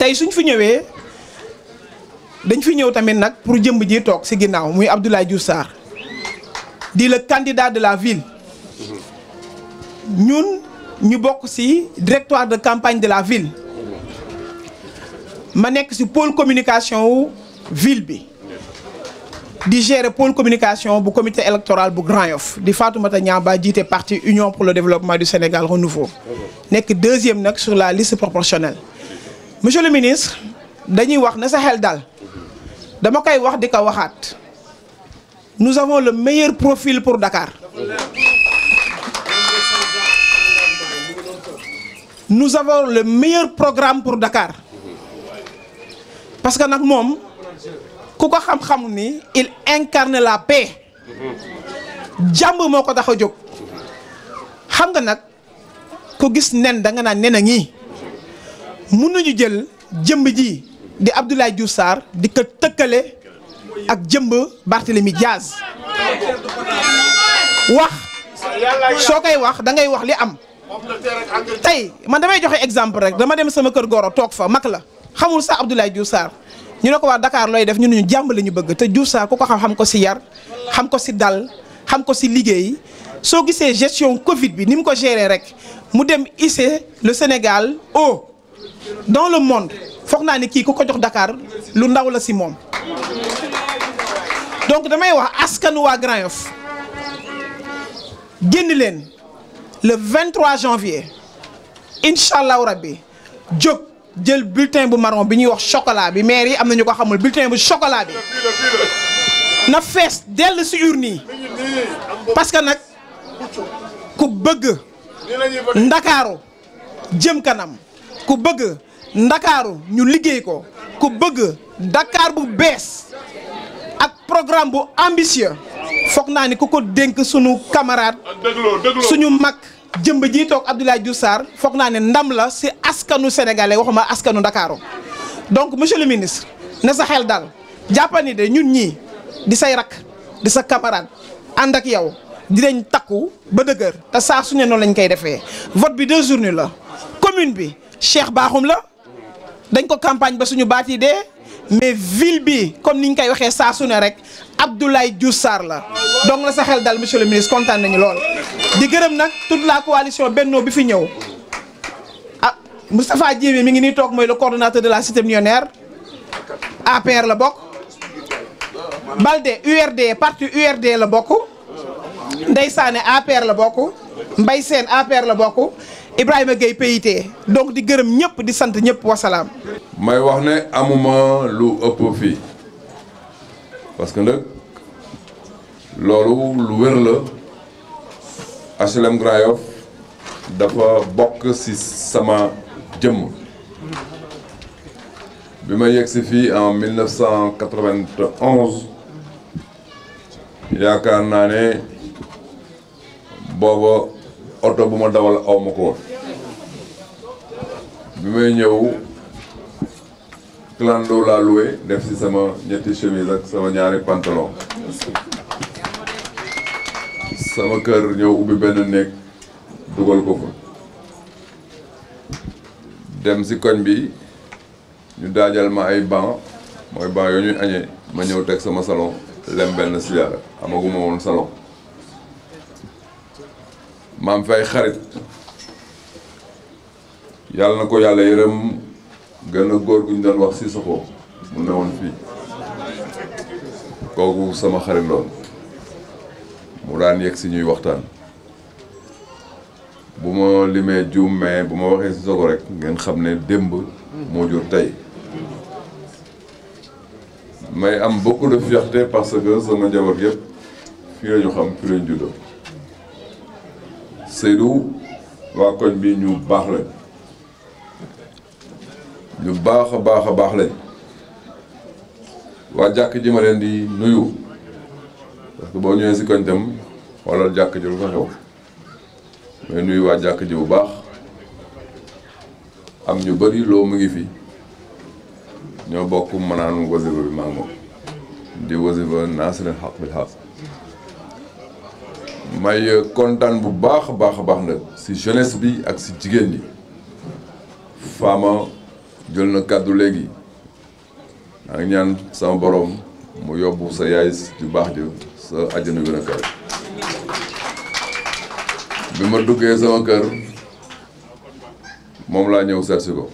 tey suñ fi ñëwee dañ fi ñëw tamit nag pour jëmb ji toog si ginnaaw muy Abdoulaye Diouf Sarr di le candidat de la ville ñun ñu bokk si directoire de campagne de la ville ma nekk si pole communication wu ville bi di gérer pôle communication bu comité électoral bu Grand Yoff di Fatoumata ba jiite parti Union pour le développement du Sénégal renouveau nekk deuxième nag sur la liste proportionnelle monsieur le ministre dañuy wax ne sa daal dama koy wax di ko waxaat nous avons le meilleur profil pour Dakar nous avons le meilleur programme pour Dakar parce que nag moom ku ko xam-xam ni il incarne la paix jàmb moo ko tax a jóg xam nga nag ku gis nen danga nga naan nen a ngi mënuñu jël jëmb ji di Abdoulaye Diouf Sarr di ko tëkkale ak jëmb Barthélemy Diaz wax soo koy wax dangay wax li am tey man damay joxe exemple rek dama dem sama kër goro toog fa mag la xamul sax Abdoulaye Diouf Sarr ñu ne ko waa dakaar looy def ñu ne ñu jàmb la ñu bëgg te Diouf Sarr ku ko xam xam ko si yar xam ko si dal xam ko si liggéey soo gisee gestion Covid bi ni mu ko géré rek mu dem hissé le Sénégal au dans le monde foog naa ni kii ku ko jox dakaar lu ndaw la si moom donc damay wax askanu waa Grand Yoff génn leen le 23 janvier incha allahu rabbi jóg jël bulletin bu marron bi ñuy wax chocolat bi maire yi am na ñu ko xamul bulletin bu chocolat bi na fees dell si urne yi parce que nag ku bëgg ndakaaru jëm kanam ku bëgg ndakaaru ñu liggéey ko ku bëgg Dakar bu bees ak programme bu ambitieux foog naa ni ku ko dénk suñu camarade suñu mag jëmb ji toog Abdoulaye Diouf Sarr foog naa ne ndam la si askanu sénégalais waxuma askanu ndakaaru donc monsieur le ministre na sa xel daal jàppani de ñun ñii di say rakk di sa camarade ànd ak yow dinañ takku ba dëgër te saa su ne noonu lañ koy defee vote bi deux journées la commune bi Cheikh Bakhoum la dañ ko campagne ba suñu baat yi dee mais ville bi comme niñ koy waxee saa su ne rek Abdoulaye Diouf saar la donc na sa xel dal monsieur le ministre kontaan nañu lool. di gërëm nag toute la coalition Benno bi fi ñëw ah Moustapha Diémé mi ngi nii toog mooy le coordonnateur de la cité millionnaire APR la bokk Balde URD parti URD la bokk Ndeye Sané APR la bokk Mbaye Sène APR la bokk. Ibrahima Gueye PIT donc di gërëm ñëpp di sant ñëpp wasalaam. may wax ne amuma lu ëpp fii parce que nag loolu lu wér la HLM Grand dafa bokk ci sama jëmm bi ma yegg si fii en 1991 yaakaar naa ne booba oto bu ma dawal aw ma ko woon bi may ñëw clando laa loué def ci sama ñetti chemise ak sama ñaari pantalon sama kër ñëw ubbi benn néeg dugal ko fa dem si koñ bi ñu daajal ma ay banc mooy banc yoo ñuy añee ma ñëw teg sama salon lem benn siyaara amaguma woon salon maam fay xarit yàlla na ko yàlla yërëm gën a góor gu ñu doon wax Cissokho mu ne woon fii kooku sama xarit loon mu daan yegg si ñuy waxtaan bu ma limee juum mais bu ma waxee Cissokho rek ngeen xam ne démb moo jur tey may am beaucoup de fierté parce que sama njaboot yëpp fii la ñu xam fii la ñu juddoo waa koñ bi ñu baax la ñu baax a baax a baax lañ waa jàkk ji ma leen di nuyu parce que boo ñëwee si jàkk ji nuyu waa jàkk ji bu baax am ñu bëri loo mu ngi fi ñoo bokk mënaanu wasifa bi maa moom di wasifa naasiril xaq bil xaq may kontaan bu baax a baax a baax nag si jeunesse bi ak si jigéen ñi faama jël na kàddu léegi maa ñaan sama borom mu yobbu sa yaay ju baax ji sa àjjana gën a kaw bi ma duggee sama kër moom laa ñëw seet ko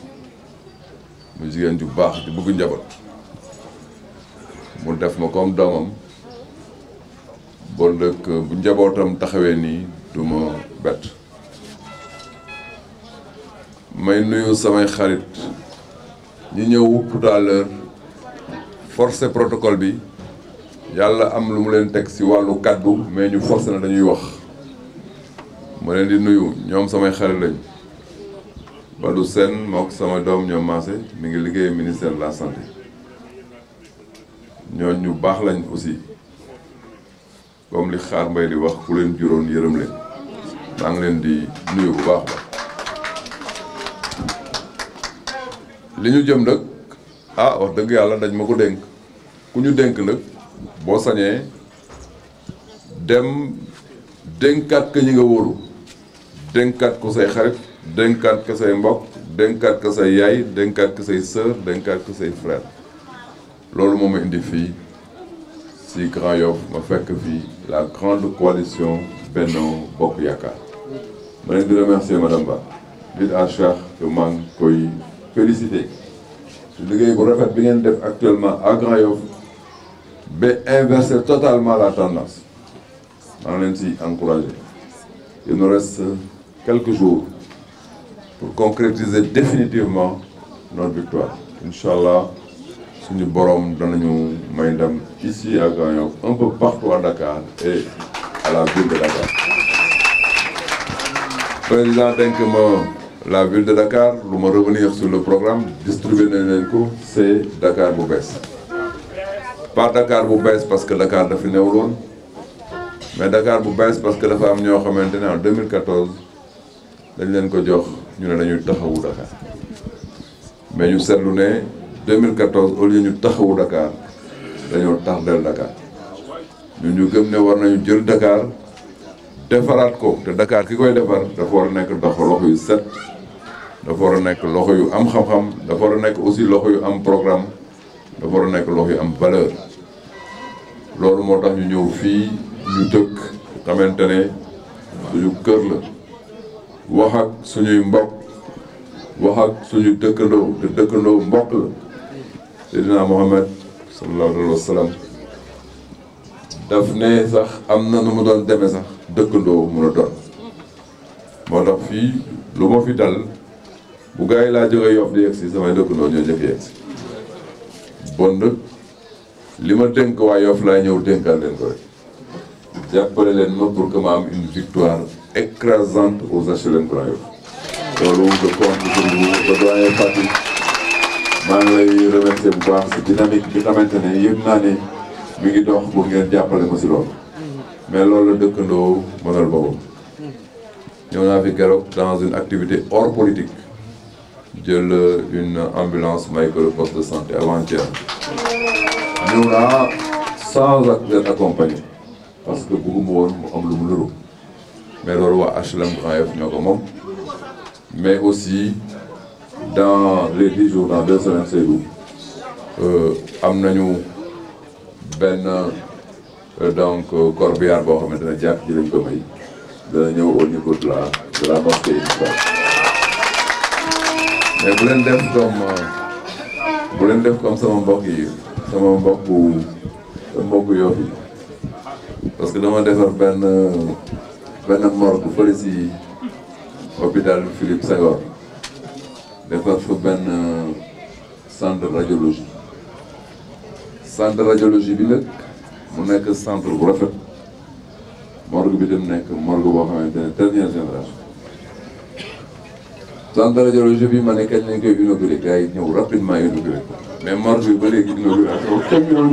mu jigéen ju baax di bëgg njaboot mu def ma comme doomam bon dëkk bu njabootam taxawee nii du ma bett may nuyu samay xarit ñu ñëw tout à l'heure forcé bi yàlla am lu mu leen teg ci wàllu kàddu mais ñu forcé na dañuy wax ma leen di nuyu ñoom samay xarit lañ Badou Sène moo ko sama doom ñoom maase mi ngi liggéey ministère de la santé ñooñ ñu baax lañ aussi comme li xaar mbay di wax ku leen juróon yërëm leen maa ngi leen di nuyu bu baax baax li ñu jëm nag ah wax dëgg yàlla dañ ma ko dénk ku ñu dénk nag boo sañee dem dénkaat ko ñi nga wóolu dénkaat ko say xarit dénkaat ko say mbokk dénkaat ko say yaay dénkaat ko say sœur dénkaat ko say frère loolu moo ma indi fii si Grand Yoff ma fekk fii la grande coalition Benno Bokk Yaakaar ma leen di remercier madame Ba dit à Cheikh que maa koy félicité su liggéey bu rafet bi ngeen def actuellement à Grand Yoff ba inverser totalement la tendance maa ngi leen si encouragé il nous reste quelques pour concrétiser définitivement notre victoire incha allah suñu borom danañu may ndam ici à Grand un peu partout Dakar et à la ville de Dakar président denk ma la ville de Dakar lu ma revenir sur le programme distribué nañ leen ko c'est Dakar bu bees pas Dakar bu bees parce que Dakar dafa newul woon mais Dakar bu bees parce que dafa am ñoo xamante ne en 2014 dañ leen ko jox ñu ne dañuy taxawu Dakar mais ñu seetlu ne 2014 au lieu ñu taxawu Dakar dañoo tardel Dakar ñun ñu gëm ne war nañu jël Dakar defaraat ko te Dakar ki koy defar dafa war a nekk dox loxo yu set. dafa war a nekk loxo yu am xam-xam dafa war a nekk aussi loxo yu am programme dafa war a nekk loxo yu am valeur loolu moo tax ñu ñëw fii ñu dëkk xamante ne suñu kër la wax ak suñuy mbokk wax ak suñu dëkkandoo te dëkkandoo mbokk la Seydina Mohamed sallallahu daf ne sax am na nu mu doon demee sax dëkkandoo mun a doon moo tax fii lu ma fi dal bu gars yi laa jógee Yoff di yegg samay dëkkandoo ñoo njëkk yegg si bon li ma dénk waa Yoff laa ñëw dénkaat leen ko rek jàppale leen ma pour que ma am une victoire écrasante aux HLM Grand Yoff loolu je compte sur vous le maa ngi lay remercier bu baax si dynamique bi xamante ne yëg naa ne mi ngi dox pour ngeen jàppale ma si loolu mais loolu la dëkkandoo mënal boppam ñëw naa fi keroog dans une activité hors politique jël une ambulance may ko le poste de santé avant-hier ñëw sans ak leen accompagner parce que bëgguma woon mu am lu mu luru mais loolu waa HLM Grand Yoff ñoo ko moom mais aussi dans les dix jours dans deux semaines Seydou euh, am nañu benn euh, donc euh, corbillard boo xamante ne jàpp ji lañ ko may dana ñëw au niveau de la de la mosquée mais bu leen def comme euh, bu leen def comme sama mbokk yi sama mbokk sama mbokk yoo parce que dama defar benn benn morgue fële si hôpital Philippe Senghor defar fa benn euh, centre de radiologie centre radiologie bi nag mu nekk centre bu rafet morgue bi dem nekk morgue boo xamante ne dernière génération sans dara jaroo je bi ma ne kañ lañ koy inauguré gars yi ñëw rapidement inauguré ko mais marge ba léegi inauguration kañ la nag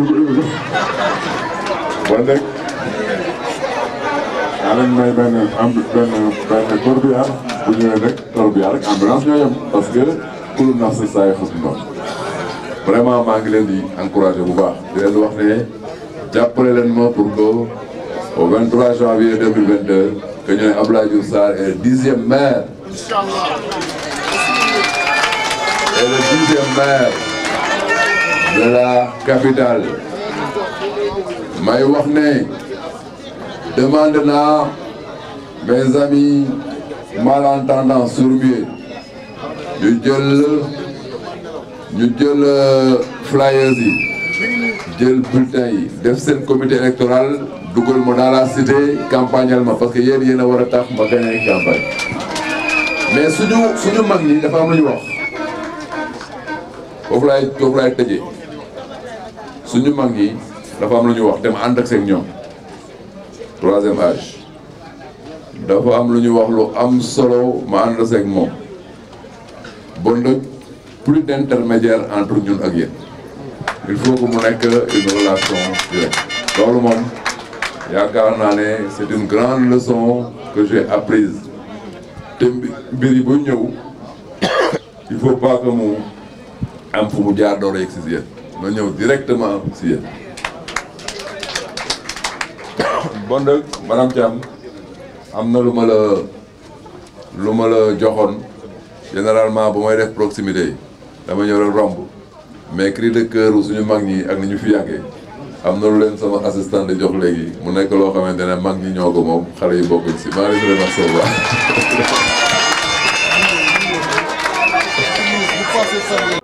daa leen may benn am benn benn corbillard bu ñëwee rek corbillard rek ambulance ñoo yem parce que kulu nax si saa yi xas noonu vraiment maa ngi leen di encouragé bu baax di leen wax ne jàppale leen ma pour que au 23 janvier 2022 que ñu ne Abdoulaye Diouf Sarr est dixième maire. Et le deuxième maire de la capitale may wax ne demande naa mes amis malentendants ñu jël ñu jël euh, flyers yi jël bulletins yi def seen comité électoral dugal ma dans la cité campagnal ma parce que yéen yéen a war a tax ma gagné campagne. mais suñu suñu mag ñi dafa am lu ñu wax foofu laay suñu mag ñi dafa am lu ñu wax dem ànd ak seen ñoom troisième âge dafa am lu ñu wax lu am solo ma ànd ak moom bon nag plus d'intermédiaire entre ñun ak yéen il faut mu nekk une relation directe loolu moom yaakaar naa ne c'est une grande leçon que j'ai apprise te mbir yi bu ñëw il faut pas que mu am fu mu jaar door a yegg si yéen ñëw directement si yéen bon nag madame Thiam am na lu ma la lu ma la joxoon généralement bu may def proximité yi dama ñëw rek romb mais cri de suñu mag ñi ak ni ñu fi yàggee am na lu leen sama assistant di jox léegi mu nekk loo xamante ne mag ñi ñoo ko moom xale yi bokkuñ si maa ngi leen